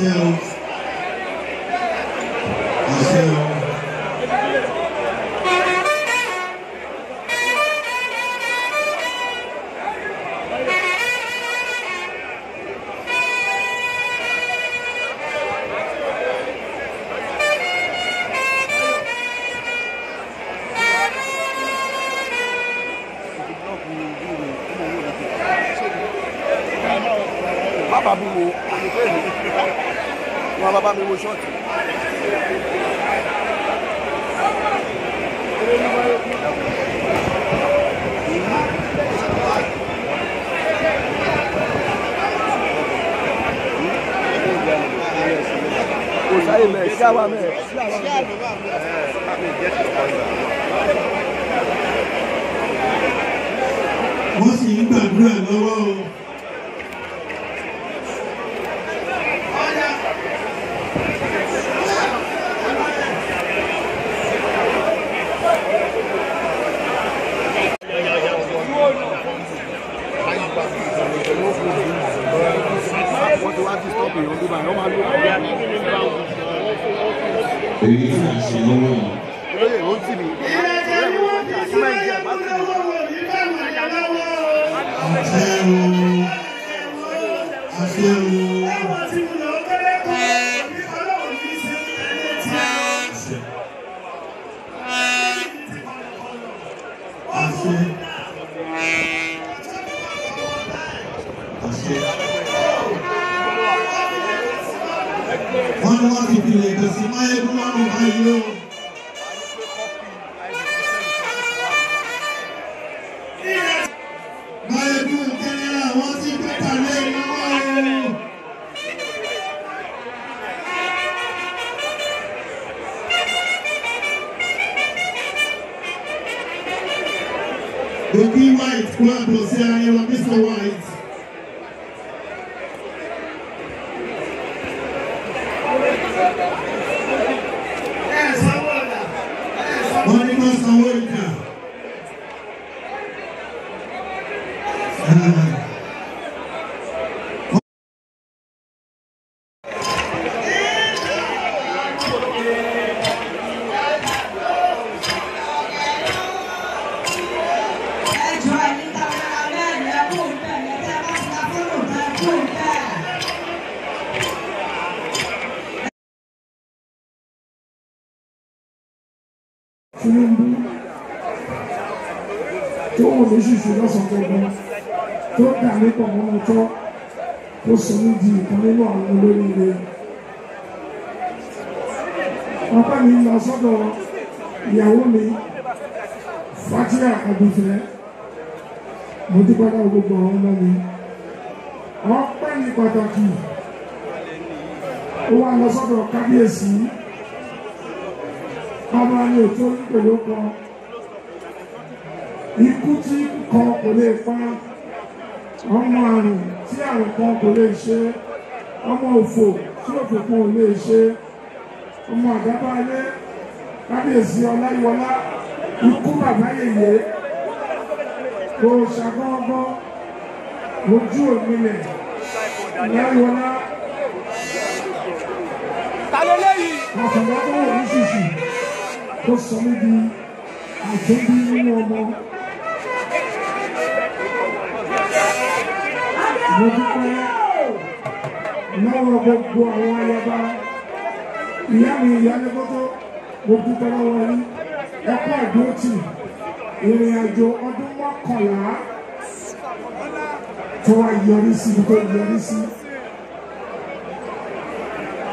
céu, do céu. Thank you. má mi wo wọn bá mi wo ṣọ́ọ̀tì. kò sì ń gbàdúrà lọ́wọ́ o. One more people, because my everyone will hide you. The White Squad will say I Mr. White. oríṣiríṣi lọ́sàn-án tó dà mí pọ̀ mọ́ ọjọ́ ó sọ mí di ìkan nínú àwọn olóríire. Bàbá mi lọ sọ́dọ̀ ìyàwó mi Fatia Adùnfẹ́ mo dúpẹ́ náà gbogbo àwọn ọmọ mi. Ọpẹ́ ní pàtàkì ó wá lọ sọ́dọ̀ kábíyèsí. Bàbá mi ò tó ń pèlú kan ikú tí kan kò lè pa ọmọ àrùn tí àrùn kan kò lè ṣe ọmọ òfò tí òfò kan ò lè ṣe ọmọ àdábáyé kábíyèsí ọláyíwọlá ikú bàbá yèyé kò ṣàgbọ́ngbọ́n ojú òmìnir ọláyíwọlá. ta ló léyìí. àtàlà tó wà nísinsìnyí kó sọ mí di àjọbí nínú ọmọ. mo dúpẹ́ lọ́wọ́ gbogbo àwọn ayaba ìyá mi ìyálẹ́gbọ́tọ́ mo dúpẹ́ lọ́wọ́ yín ẹ̀kọ́ ìdóòtì ìrìn àjò ọdún mọ́kànlá tó wá yọrí sí ibi tó yọrí sí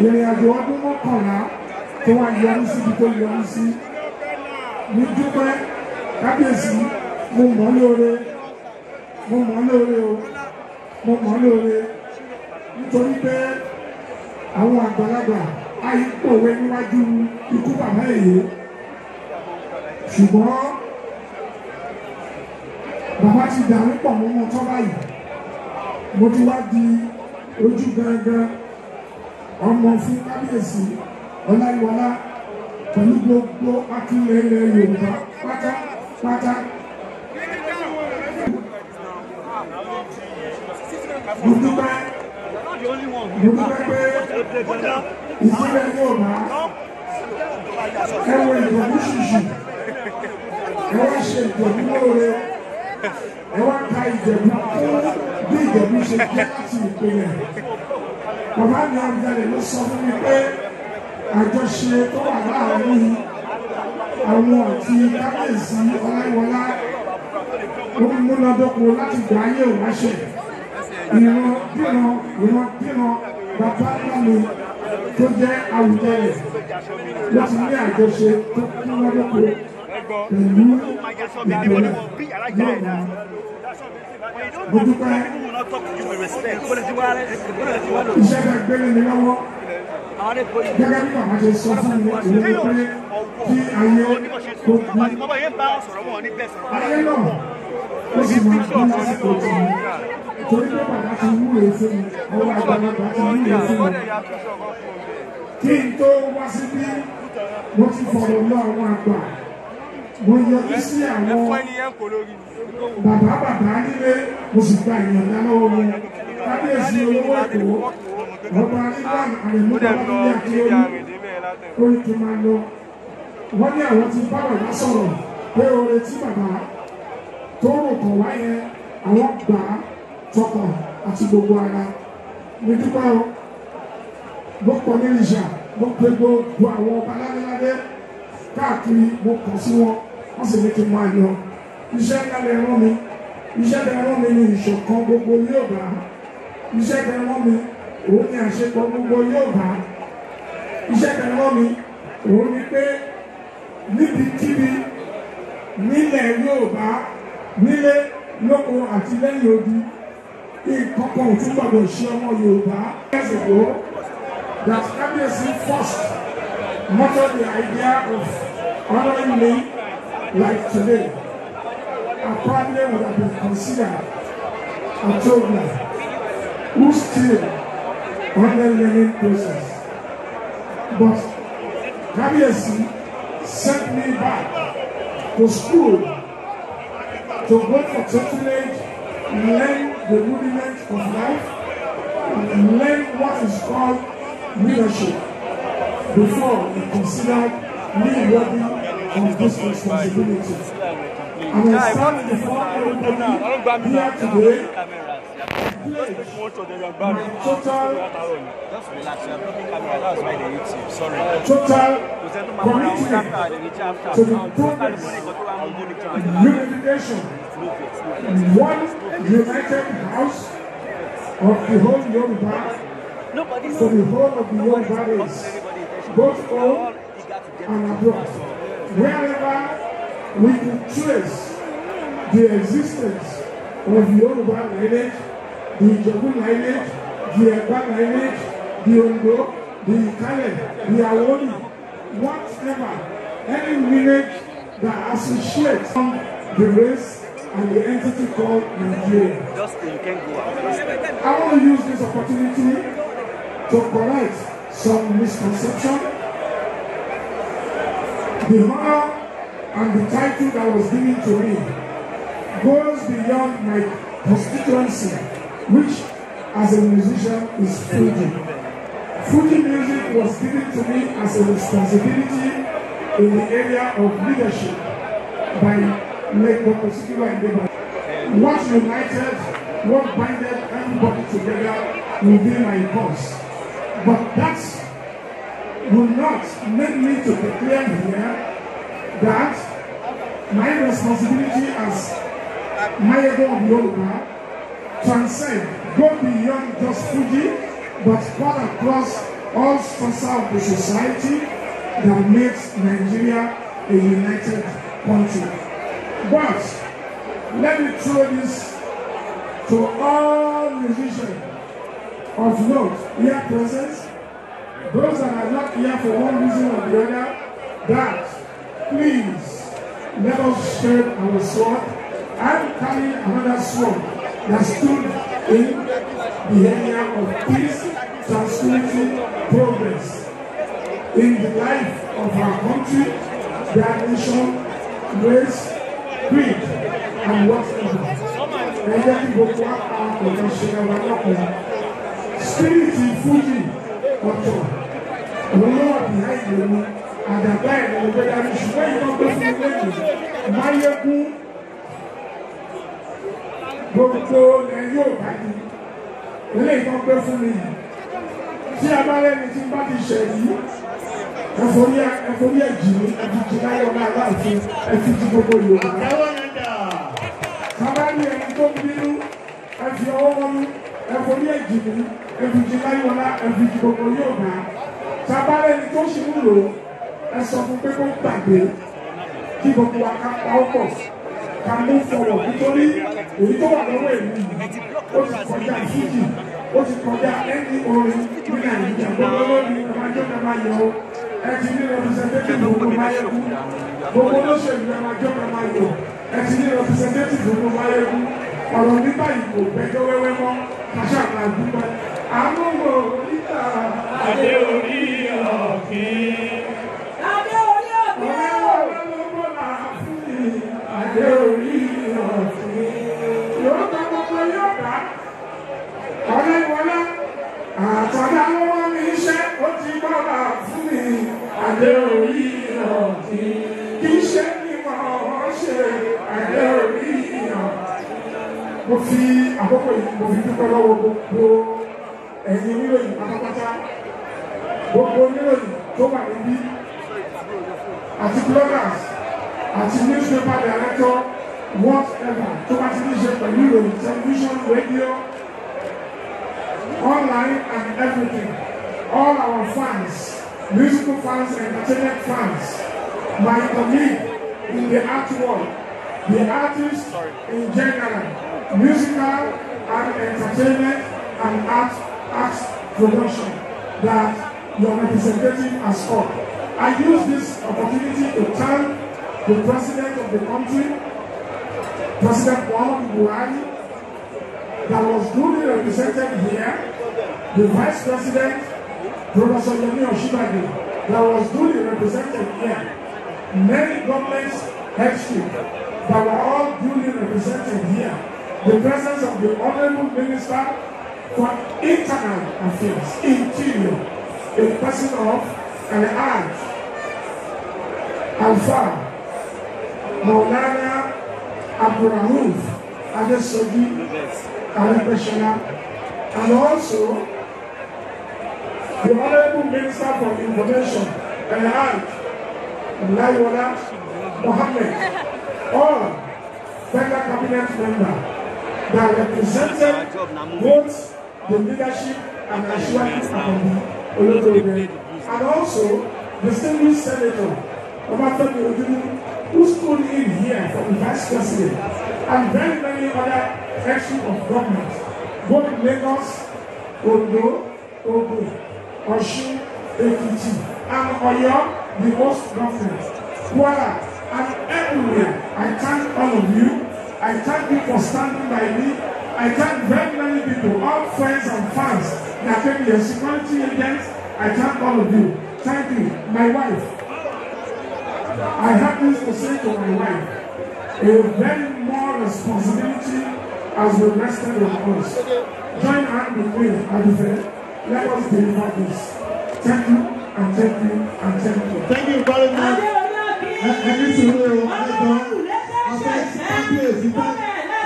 ìrìn àjò ọdún mọ́kànlá tó wá yọrí sí ibi tó yọrí sí mo dúpẹ́ kábíyèsí mo mọ̀ lóore mo mọ̀ lóore o. mo mọ̀ ọ́ lóore nítorí pé àwọn àgbàlagbà àìpòwe níwájú ikú bàbá èyí ṣùgbọ́n bàbá ti dàrú pọ̀ mọ́ wọn tọ́ báyìí mo ti wá di ojú gangan ọmọ fún kábíyèsí ọláyíwọlá pẹ̀lú gbogbo akínyẹ̀lẹ̀ yorùbá pátápátá. mo dúpẹ́ mo dúpẹ́ pé ìsílẹ̀ yóò má ẹwọ ìdòwú ṣùṣù ẹ wá ṣe ìdòwú lóore ẹ wá ka ìdòwú kú bí ìdòwú ṣe jẹ́ láti ìpínlẹ̀ bàbá mi àgbẹ̀rẹ̀ ló sọ fún mi pé àjọṣe tó wà láàárín àwọn àti kábíyèsí ọláyíwọlá ó múnádóko láti gbà ayé òwáṣẹ ìran bíran ìran bíran bàbá bàmí tó jẹ́ àwùjọ rẹ̀ láti ní àjọṣe tó kún lọ́dọ̀kọ̀ pẹ̀lú ìbẹ̀rẹ̀ náà mo dúpẹ́ iṣẹ́ bá gbélé mi lọ́wọ́ gẹ́gẹ́ bí bàbá ṣe sọ fún mi òun pé kí ayé tó kú ayé náà ó sì máa bí lásìkò jù ú torí pé bàbá ti wúre sí mi ọwọ́ àgbàlagbà ti wúre sí mi kí n tó wá síbí mo ti fọ̀rọ̀ lọ àwọn àgbà mo yọjú sí àwọn bàbá bàbá nílé mo sì gba ìyànjá lọ́wọ́ wọn kábíyèsí olówó èkó ọba nígbà àrẹ̀mú bàbá nílé àkíyèmí orí kí máa lọ wọ́n ní àwọn ti bá bàbá sọ̀rọ̀ pé oore tí bàbá tọ́rọ̀ kọ̀ wáyé àwọn gbà á tọkàn àti gbogbo ara ní dúpẹ́ o mo pọ̀ ní ìṣà mo pe gbogbo àwọn ọba ládéládé káàkiri mo kọ̀ sí wọn wọ́n sì ní kí n máa yan iṣẹ́ ńlá lè rán mi iṣẹ́ lè rán mi ní ìṣọ̀kan gbogbo yóò bá iṣẹ́ lè rán mi òun ni àṣepọ̀ gbogbo yóò bá iṣẹ́ lè rán mi òun ni pé níbikíbi nílẹ̀ yóò bá nílé lóko àti lẹ́yìn odi ìkọ̀kọ̀ òtún gbàgbọ́ ìṣe ọmọ Yorùbá years ago that Kábíyèsí first motor the idea of honouring me like today A probably would have been considered a toddler who still under learning process but Kábíyèsí sent me back to school to work for tutelage, learn the rudiments of life, and learn what is called leadership before you consider being worthy of this responsibility. And I stand before everybody here today total commitment to the unification, one united house of the whole Yoruba Nobody for the whole of the Yoruba race, both home and abroad. Wherever we can trace the existence of the Yoruba lineage, the Ijebu lineage, the Egba lineage, the Ondo, the Ikale, the Awoni, whatever, any lineage that associates the race and the entity called Nigeria. Justin, you can go out. I want to use this opportunity to correct some misconception. The honor and the title that was given to me goes beyond my constituency, which as a musician is Fuji. Fuji music was given to me as a responsibility in the area of leadership by make Dr. Sikiwa endeavor. Once united, what binded everybody together within my cause. But that will not make me to declare here that my responsibility as my of Yoruba transcend, go beyond just Fuji, but cut across all facets of the society that makes Nigeria a united country. But let me throw this to all musicians of note here present, those that are not here for one reason or the other, that please let us shed our sword. I'm carrying another sword that stood in the area of peace, transparency, progress in the life of our country, their nation, race, preach and whatever. Ẹyẹ kí gbogbo àpò ìṣẹ̀lẹ̀ wà lọ́kùnrin. Spirit ìfúnjì ọ̀tọ̀. Òun náà behind the room. Àdàgbà ẹ̀ ló gbé dání ṣùgbọ́n ìtọ́ gbé fún lẹ́yìn. Máyégún gbogbo ẹ̀ yóò bá di. Ilé ìtọ́ gbé fún mi. Tí a bá rẹ́ni tí bá ti ṣẹ̀yí ẹ̀fọ́rí ẹ̀fọ́rí ẹ̀jìnì ẹ̀jìnì láyé ọ̀gá aláàfin ẹ̀fí ti gbogbo yorùbá. sábà ní ẹni tó bínú ẹ̀fí ọwọ́ wọn ẹ̀fọ́rí ẹ̀jìnì ẹ̀jìnì láyé ọ̀gá ẹ̀fí ti gbogbo yorùbá. sábà ẹni tó ṣe ń lò ẹ̀sọ́ fún pé kó gbàgbé kí gbogbo wa ká pa ọ́ pọ̀ ká mú fọwọ́ nítorí èyí tó wà lọ́wọ́ èmi ó ti kọjá fújì ó ti kọjá ẹni orin ní nàìjíríà gbogbo lónìí ọmọdé ọmọ ayọ̀ ẹ ti ní representative gbogbo máyégún gbogbo olóṣèlú ẹ máa jọba máa lò ẹ ní representative gbogbo máyégún ọ̀rọ̀ nípa ìbò gbẹjọ́ wẹ́wẹ́ mọ́ kàṣà máa dúpẹ́ àmúwò oníta adé orí ọ̀kìn. adé orí ọ̀kìn. ọ̀rẹ́ ọ̀rẹ́ ló gbọ́dọ̀ àfúnni adé orí. àdé orí hàn kí iṣẹ́ ni wọ́n ṣe àdé orí hàn. Mo fi àkókò yìí mo fi dúpẹ́ lọ́wọ́ gbogbo ẹ̀yin oníròyìn pátápátá gbogbo oníròyìn tó wà níbí àti bloggers àti newspaper director whatever tó bá ti ní ṣe pẹ̀lú ìròyìn television radio online and everything all our fans musical fans, and entertainment fans, my colleague in the art world, the artists in general, musical and entertainment and art, art production that you're representing as called. I use this opportunity to thank the president of the country, President Muhammad Buhari, that was duly represented here, the vice president, Professor Yemi Oshibagi, that was duly represented here. Many governments headship that were all duly represented here. The presence of the Honorable Minister for Internal Affairs, Interior, in person of and Hajj Alfa Maulana Abdurrahuf Adesogi Arabeshana and also the Honourable Minister for Information, Elhaj Layola Mohammed, all federal cabinet members that represented both the leadership and Ashwani Akandi Olodogbe, and also distinguished Senator Obatemi Ojudu, who stood in here for the Vice President, and very many other section of government, both Lagos, Ondo, Ogun. Ọ̀ṣun, Èkìtì and Ọ̀yọ́ the host government. Kwara and everywhere I thank all of you. I thank you for standing by me. I thank very many people, all friends and fans that came here, security agents. I thank all of you. Thank you. My wife. I have this to say to my wife. A very more responsibility as the rested on us. Join hand with me at the fair. Let us deliver this. Thank you and thank you and thank you. Thank you very much. Ẹni sùúrù o, ẹjọ́, ọ̀fẹ́ ṣáàkì èsì bá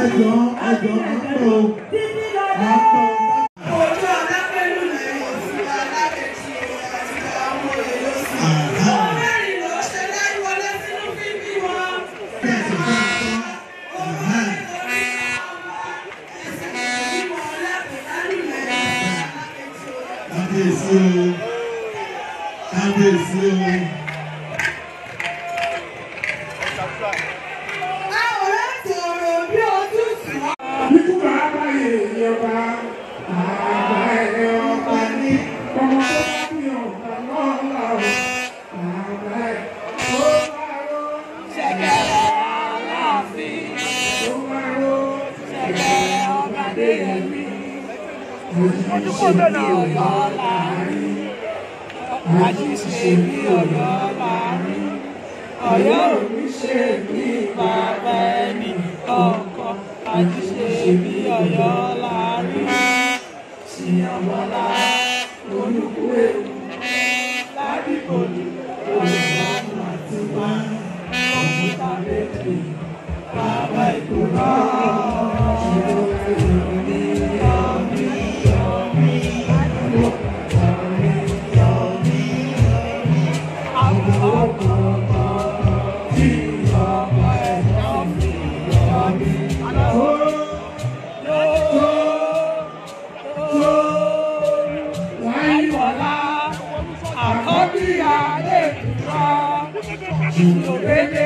ẹjọ́ ẹjọ́ ọ̀pọ̀ o. Ọ̀yọ́ mi ṣe bí bàbá ẹni ọkọ, àti ṣe bí ọ̀yọ́. You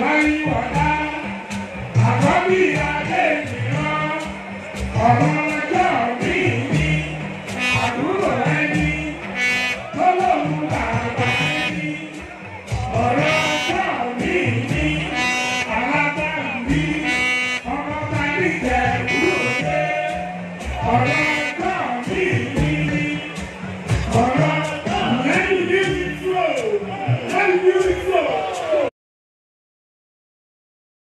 láyé wàdá àkọ́bí adé ìran ọ̀rọ̀.